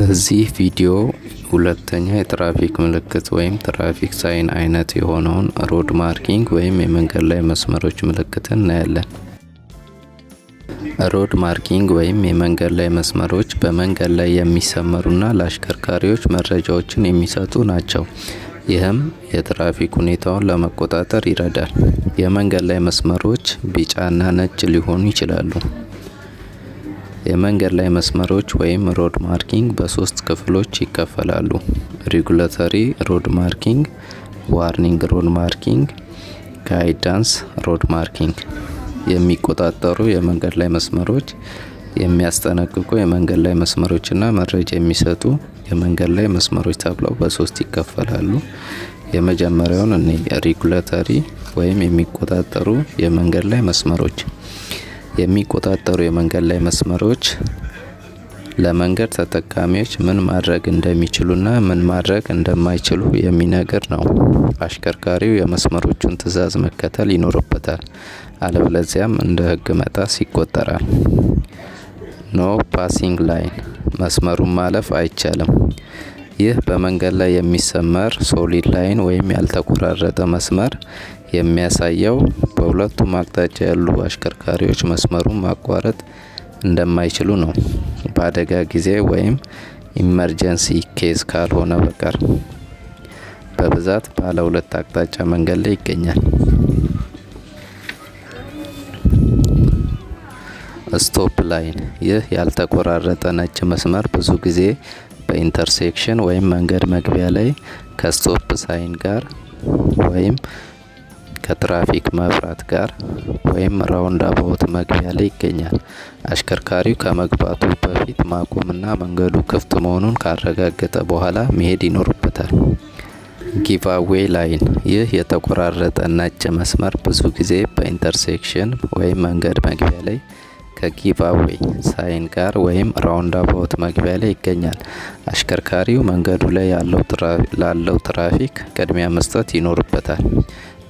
በዚህ ቪዲዮ ሁለተኛ የትራፊክ ምልክት ወይም ትራፊክ ሳይን አይነት የሆነውን ሮድ ማርኪንግ ወይም የመንገድ ላይ መስመሮች ምልክትን እናያለን። ሮድ ማርኪንግ ወይም የመንገድ ላይ መስመሮች በመንገድ ላይ የሚሰመሩና ለአሽከርካሪዎች መረጃዎችን የሚሰጡ ናቸው። ይህም የትራፊክ ሁኔታውን ለመቆጣጠር ይረዳል። የመንገድ ላይ መስመሮች ቢጫና ነጭ ሊሆኑ ይችላሉ። የመንገድ ላይ መስመሮች ወይም ሮድ ማርኪንግ በሶስት ክፍሎች ይከፈላሉ። ሬጉላተሪ ሮድ ማርኪንግ፣ ዋርኒንግ ሮድ ማርኪንግ፣ ጋይዳንስ ሮድ ማርኪንግ። የሚቆጣጠሩ የመንገድ ላይ መስመሮች የሚያስጠነቅቁ የመንገድ ላይ መስመሮችና መረጃ የሚሰጡ የመንገድ ላይ መስመሮች ተብለው በሶስት ይከፈላሉ። የመጀመሪያውን እኔ ሬጉላተሪ ወይም የሚቆጣጠሩ የመንገድ ላይ መስመሮች የሚቆጣጠሩ የመንገድ ላይ መስመሮች ለመንገድ ተጠቃሚዎች ምን ማድረግ እንደሚችሉና ምን ማድረግ እንደማይችሉ የሚነግር ነው። አሽከርካሪው የመስመሮቹን ትዕዛዝ መከተል ይኖርበታል። አለበለዚያም እንደ ሕግ መጣስ ይቆጠራል። ኖ ፓሲንግ ላይን መስመሩን ማለፍ አይቻልም። ይህ በመንገድ ላይ የሚሰመር ሶሊድ ላይን ወይም ያልተቆራረጠ መስመር የሚያሳየው በሁለቱም አቅጣጫ ያሉ አሽከርካሪዎች መስመሩን ማቋረጥ እንደማይችሉ ነው። በአደጋ ጊዜ ወይም ኢመርጀንሲ ኬዝ ካልሆነ በቀር በብዛት ባለ ሁለት አቅጣጫ መንገድ ላይ ይገኛል። ስቶፕ ላይን ይህ ያልተቆራረጠ ነጭ መስመር ብዙ ጊዜ በኢንተርሴክሽን ወይም መንገድ መግቢያ ላይ ከስቶፕ ሳይን ጋር ወይም ከትራፊክ መብራት ጋር ወይም ራውንድ አባውት መግቢያ ላይ ይገኛል። አሽከርካሪው ከመግባቱ በፊት ማቆምና መንገዱ ክፍት መሆኑን ካረጋገጠ በኋላ መሄድ ይኖርበታል። ጊቫዌይ ላይን ይህ የተቆራረጠ ነጭ መስመር ብዙ ጊዜ በኢንተርሴክሽን ወይም መንገድ መግቢያ ላይ ከጊቫዌይ ሳይን ጋር ወይም ራውንድ አባውት መግቢያ ላይ ይገኛል። አሽከርካሪው መንገዱ ላይ ላለው ትራፊክ ቅድሚያ መስጠት ይኖርበታል።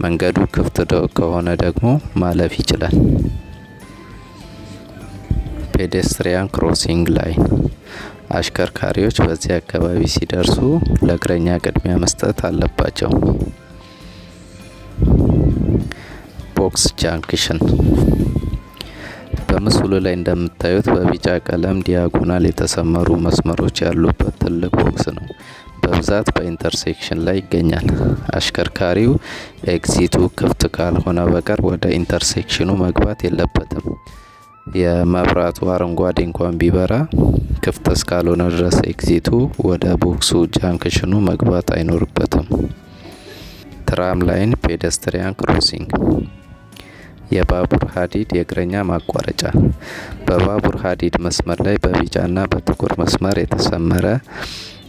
መንገዱ ክፍት ከሆነ ደግሞ ማለፍ ይችላል። ፔዴስትሪያን ክሮሲንግ ላይን አሽከርካሪዎች በዚህ አካባቢ ሲደርሱ ለእግረኛ ቅድሚያ መስጠት አለባቸው። ቦክስ ጃንክሽን በምስሉ ላይ እንደምታዩት በቢጫ ቀለም ዲያጎናል የተሰመሩ መስመሮች ያሉበት ትልቅ ቦክስ ነው። በብዛት በኢንተርሴክሽን ላይ ይገኛል። አሽከርካሪው ኤግዚቱ ክፍት ካልሆነ በቀር ወደ ኢንተርሴክሽኑ መግባት የለበትም። የመብራቱ አረንጓዴ እንኳን ቢበራ ክፍት እስካልሆነ ድረስ ኤግዚቱ ወደ ቦክሱ ጃንክሽኑ መግባት አይኖርበትም። ትራም ላይን፣ ፔደስትሪያን ክሮሲንግ የባቡር ሀዲድ የእግረኛ ማቋረጫ በባቡር ሀዲድ መስመር ላይ በቢጫና በጥቁር መስመር የተሰመረ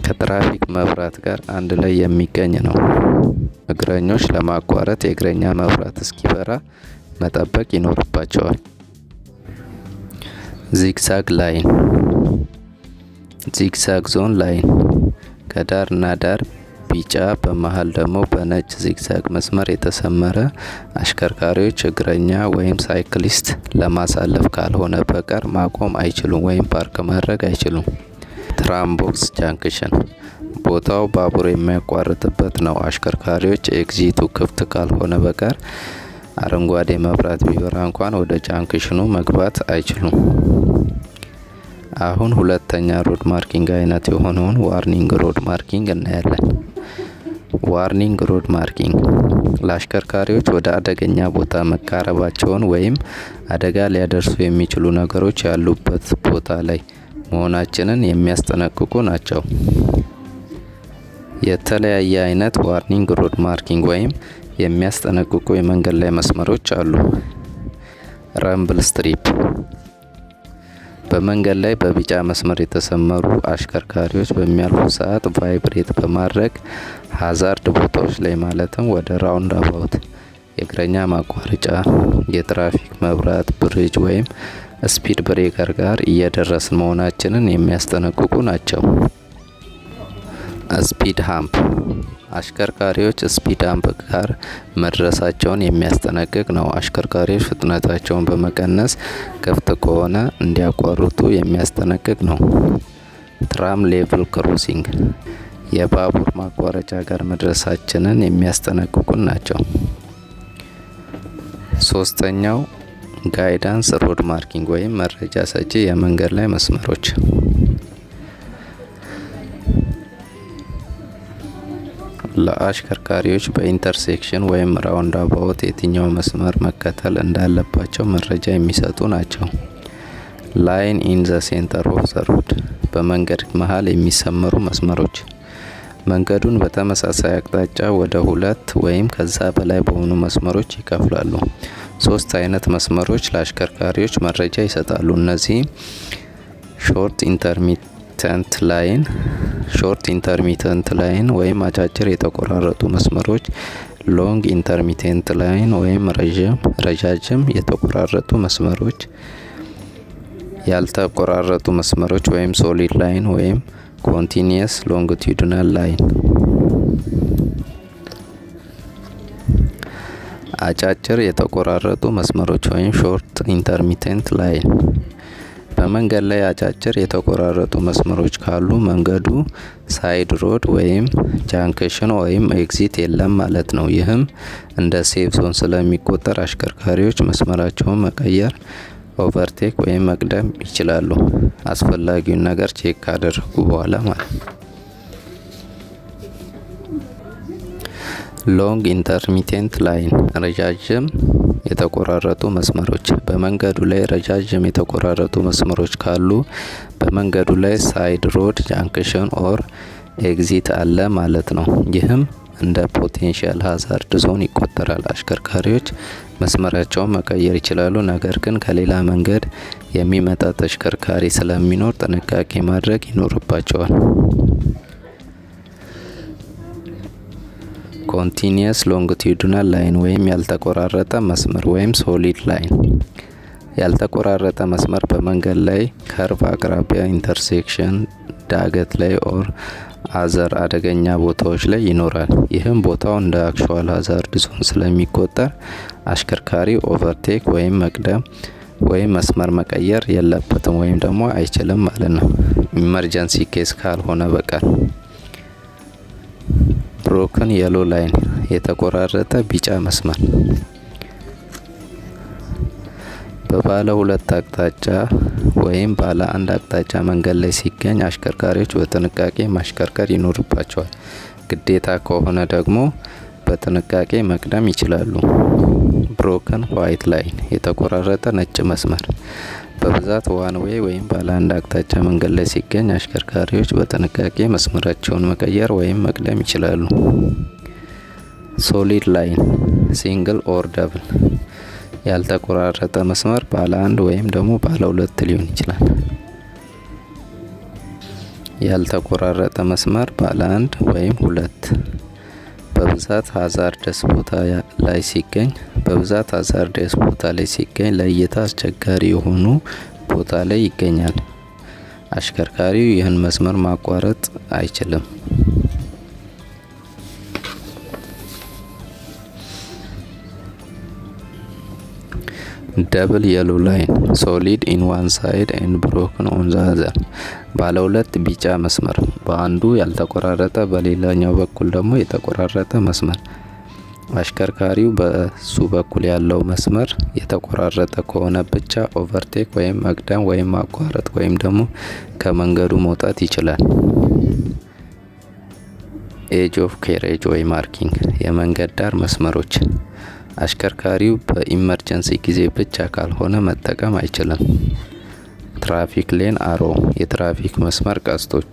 ከትራፊክ መብራት ጋር አንድ ላይ የሚገኝ ነው። እግረኞች ለማቋረጥ የእግረኛ መብራት እስኪበራ መጠበቅ ይኖርባቸዋል። ዚግዛግ ላይን ዚግዛግ ዞን ላይን ከዳር እና ዳር ቢጫ በመሀል ደግሞ በነጭ ዚግዛግ መስመር የተሰመረ አሽከርካሪዎች እግረኛ ወይም ሳይክሊስት ለማሳለፍ ካልሆነ በቀር ማቆም አይችሉም ወይም ፓርክ ማድረግ አይችሉም። ትራምቦክስ ጃንክሽን ቦታው ባቡር የሚያቋርጥበት ነው። አሽከርካሪዎች ኤግዚቱ ክፍት ካልሆነ በቀር አረንጓዴ መብራት ቢበራ እንኳን ወደ ጃንክሽኑ መግባት አይችሉም። አሁን ሁለተኛ ሮድ ማርኪንግ አይነት የሆነውን ዋርኒንግ ሮድ ማርኪንግ እናያለን። ዋርኒንግ ሮድ ማርኪንግ ለአሽከርካሪዎች ወደ አደገኛ ቦታ መቃረባቸውን ወይም አደጋ ሊያደርሱ የሚችሉ ነገሮች ያሉበት ቦታ ላይ መሆናችንን የሚያስጠነቅቁ ናቸው። የተለያየ አይነት ዋርኒንግ ሮድ ማርኪንግ ወይም የሚያስጠነቅቁ የመንገድ ላይ መስመሮች አሉ። ረምብል ስትሪፕ በመንገድ ላይ በቢጫ መስመር የተሰመሩ አሽከርካሪዎች በሚያልፉ ሰዓት ቫይብሬት በማድረግ ሀዛርድ ቦታዎች ላይ ማለትም ወደ ራውንድ አባውት፣ የእግረኛ ማቋረጫ፣ የትራፊክ መብራት፣ ብሪጅ ወይም ስፒድ ብሬከር ጋር እየደረስን መሆናችንን የሚያስጠነቅቁ ናቸው። ስፒድ ሀምፕ አሽከርካሪዎች ስፒድ ሃምፕ ጋር መድረሳቸውን የሚያስጠነቅቅ ነው። አሽከርካሪዎች ፍጥነታቸውን በመቀነስ ክፍት ከሆነ እንዲያቋርጡ የሚያስጠነቅቅ ነው። ትራም ሌቭል ክሮሲንግ የባቡር ማቋረጫ ጋር መድረሳችንን የሚያስጠነቅቁን ናቸው። ሶስተኛው ጋይዳንስ ሮድ ማርኪንግ ወይም መረጃ ሰጪ የመንገድ ላይ መስመሮች ለአሽከርካሪዎች በኢንተርሴክሽን ወይም ራውንድ አባውት የትኛው መስመር መከተል እንዳለባቸው መረጃ የሚሰጡ ናቸው። ላይን ኢን ዘ ሴንተር ኦፍ ዘ ሮድ በመንገድ መሀል የሚሰመሩ መስመሮች መንገዱን በተመሳሳይ አቅጣጫ ወደ ሁለት ወይም ከዛ በላይ በሆኑ መስመሮች ይከፍላሉ። ሶስት አይነት መስመሮች ለአሽከርካሪዎች መረጃ ይሰጣሉ። እነዚህ ሾርት ኢንተርሚተንት ላይን፣ ሾርት ኢንተርሚተንት ላይን ወይም አጫጭር የተቆራረጡ መስመሮች፣ ሎንግ ኢንተርሚቴንት ላይን ወይም ረዣዥም የተቆራረጡ መስመሮች፣ ያልተቆራረጡ መስመሮች ወይም ሶሊድ ላይን ወይም ኮንቲኒየስ ሎንግቲዩድናል ላይን አጫጭር የተቆራረጡ መስመሮች ወይም ሾርት ኢንተርሚቴንት ላይን በመንገድ ላይ አጫጭር የተቆራረጡ መስመሮች ካሉ መንገዱ ሳይድ ሮድ ወይም ጃንክሽን ወይም ኤግዚት የለም ማለት ነው። ይህም እንደ ሴፍ ዞን ስለሚቆጠር አሽከርካሪዎች መስመራቸውን መቀየር፣ ኦቨርቴክ ወይም መቅደም ይችላሉ። አስፈላጊውን ነገር ቼክ ካደረጉ በኋላ ማለት ነው። ሎንግ ኢንተርሚቴንት ላይን ረጃጅም የተቆራረጡ መስመሮች በመንገዱ ላይ ረጃጅም የተቆራረጡ መስመሮች ካሉ በመንገዱ ላይ ሳይድ ሮድ ጃንክሽን ኦር ኤግዚት አለ ማለት ነው። ይህም እንደ ፖቴንሽያል ሀዛርድ ዞን ይቆጠራል። አሽከርካሪዎች መስመራቸውን መቀየር ይችላሉ። ነገር ግን ከሌላ መንገድ የሚመጣ ተሽከርካሪ ስለሚኖር ጥንቃቄ ማድረግ ይኖርባቸዋል። ኮንቲኒየስ ሎንግቲዩዲናል ላይን ወይም ያልተቆራረጠ መስመር ወይም ሶሊድ ላይን ያልተቆራረጠ መስመር በመንገድ ላይ ከርቭ አቅራቢያ ኢንተርሴክሽን ዳገት ላይ ኦር አዘር አደገኛ ቦታዎች ላይ ይኖራል። ይህም ቦታው እንደ አክቹዋል ሀዛርድ ዞን ስለሚቆጠር አሽከርካሪ ኦቨርቴክ ወይም መቅደም ወይም መስመር መቀየር የለበትም ወይም ደግሞ አይችልም ማለት ነው። ኢመርጀንሲ ኬስ ካልሆነ በቀር ብሮክን የሎ ላይን የተቆራረጠ ቢጫ መስመር በባለ ሁለት አቅጣጫ ወይም ባለ አንድ አቅጣጫ መንገድ ላይ ሲገኝ አሽከርካሪዎች በጥንቃቄ ማሽከርከር ይኖርባቸዋል። ግዴታ ከሆነ ደግሞ በጥንቃቄ መቅደም ይችላሉ። ብሮከን ዋይት ላይን የተቆራረጠ ነጭ መስመር በብዛት ዋን ዌይ ወይም ባለ አንድ አቅጣጫ መንገድ ላይ ሲገኝ አሽከርካሪዎች በጥንቃቄ መስመራቸውን መቀየር ወይም መቅደም ይችላሉ። ሶሊድ ላይን ሲንግል ኦር ደብል ያልተቆራረጠ መስመር ባለ አንድ ወይም ደግሞ ባለ ሁለት ሊሆን ይችላል። ያልተቆራረጠ መስመር ባለ አንድ ወይም ሁለት በብዛት ሀዛርደስ ቦታ ላይ ሲገኝ በብዛት ሀዛርዳስ ቦታ ላይ ሲገኝ ለእይታ አስቸጋሪ የሆኑ ቦታ ላይ ይገኛል። አሽከርካሪው ይህን መስመር ማቋረጥ አይችልም። ደብል የሎ ላይን ሶሊድ ኢን ዋን ሳይድ ኤንድ ብሮክን ኦን ዘ አዘር ባለ ሁለት ቢጫ መስመር በአንዱ ያልተቆራረጠ በሌላኛው በኩል ደግሞ የተቆራረጠ መስመር አሽከርካሪው በሱ በኩል ያለው መስመር የተቆራረጠ ከሆነ ብቻ ኦቨርቴክ ወይም መቅደም ወይም ማቋረጥ ወይም ደግሞ ከመንገዱ መውጣት ይችላል። ኤጅ ኦፍ ኬሬጅ ወይ ማርኪንግ የመንገድ ዳር መስመሮች አሽከርካሪው በኢመርጀንሲ ጊዜ ብቻ ካልሆነ መጠቀም አይችልም። ትራፊክ ሌን አሮ የትራፊክ መስመር ቀስቶች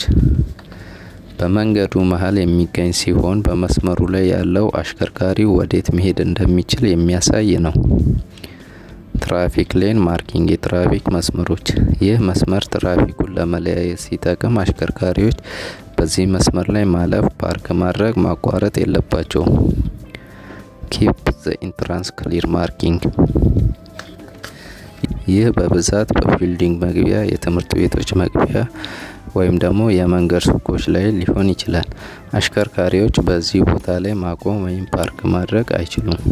በመንገዱ መሀል የሚገኝ ሲሆን በመስመሩ ላይ ያለው አሽከርካሪ ወዴት መሄድ እንደሚችል የሚያሳይ ነው። ትራፊክ ሌን ማርኪንግ የትራፊክ መስመሮች፣ ይህ መስመር ትራፊኩን ለመለያየት ሲጠቅም አሽከርካሪዎች በዚህ መስመር ላይ ማለፍ፣ ፓርክ ማድረግ፣ ማቋረጥ የለባቸውም። ኪፕ ዘ ኢንትራንስ ክሊር ማርኪንግ ይህ በብዛት በቢልዲንግ መግቢያ፣ የትምህርት ቤቶች መግቢያ ወይም ደግሞ የመንገድ ሱቆች ላይ ሊሆን ይችላል። አሽከርካሪዎች በዚህ ቦታ ላይ ማቆም ወይም ፓርክ ማድረግ አይችሉም